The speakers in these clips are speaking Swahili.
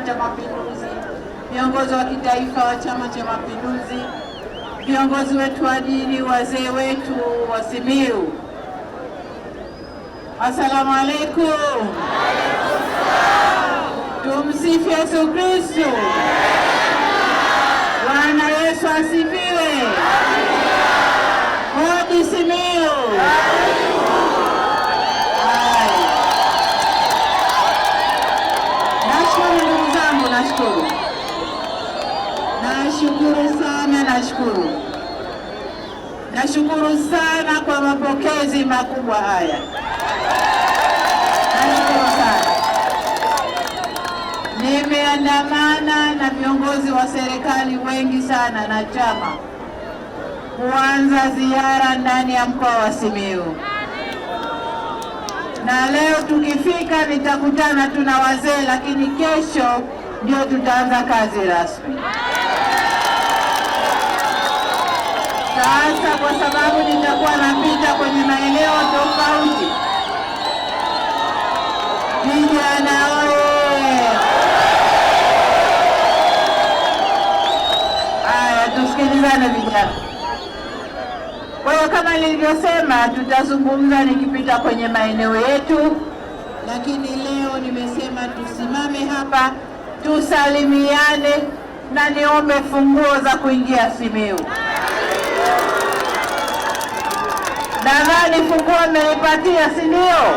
Chama cha Mapinduzi, viongozi wa kitaifa wa Chama cha Mapinduzi, viongozi wetu wa dini, wazee wetu wa Simiyu, asalamu alaykum. Tumsifu Yesu Kristu. Bwana Yesu asifiwe. Nashukuru, nashukuru sana, nashukuru, nashukuru sana kwa mapokezi makubwa haya, nashukuru sana. Nimeandamana na viongozi wa serikali wengi sana na chama kuanza ziara ndani ya mkoa wa Simiyu na leo tukifika nitakutana tuna wazee, lakini kesho ndio tutaanza kazi rasmi sasa, kwa sababu nitakuwa napita kwenye maeneo tofauti. Vijana oye! Haya, tusikilizane vijana. Kwa hiyo kama nilivyosema, tutazungumza nikipita kwenye maeneo yetu, lakini leo nimesema tusimame hapa tusalimiane na niombe funguo za kuingia Simiyu. Nadhani funguo mmenipatia, si ndio?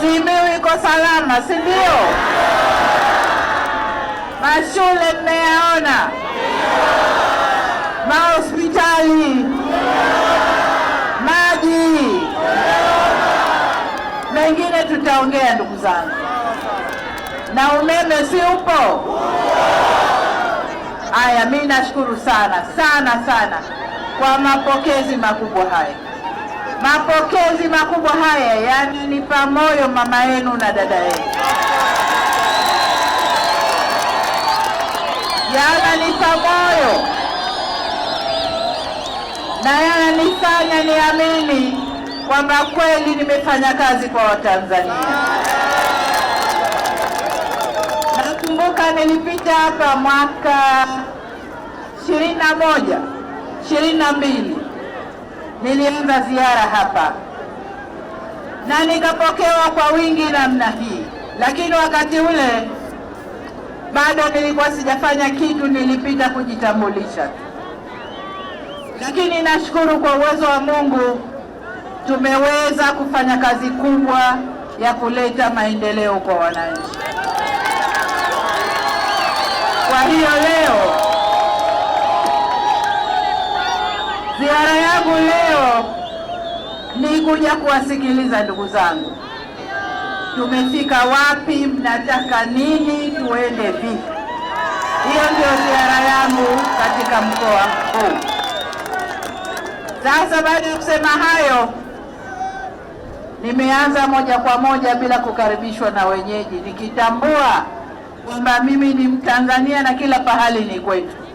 Simiyu iko salama, si ndio? Mashule mmeyaona, mahospitali, maji, mengine tutaongea ndugu zangu na umeme si upo? Haya, mi nashukuru sana sana sana kwa mapokezi makubwa haya, mapokezi makubwa haya yananipa moyo mama yenu na dada yenu, yananipa moyo na yananifanya niamini kwamba kweli nimefanya kazi kwa Watanzania nilipita hapa mwaka ishirini na moja ishirini na mbili nilianza ziara hapa na nikapokewa kwa wingi namna hii, lakini wakati ule bado nilikuwa sijafanya kitu, nilipita kujitambulisha tu. Lakini nashukuru kwa uwezo wa Mungu tumeweza kufanya kazi kubwa ya kuleta maendeleo kwa wananchi. Kwa hiyo leo ziara yangu leo ni kuja kuwasikiliza ndugu zangu, tumefika wapi, mnataka nini, tuende vipi? Hiyo ndio ziara yangu katika mkoa huu. Sasa baada ya kusema hayo, nimeanza moja kwa moja bila kukaribishwa na wenyeji, nikitambua kwamba mimi ni Mtanzania na kila pahali ni kwetu.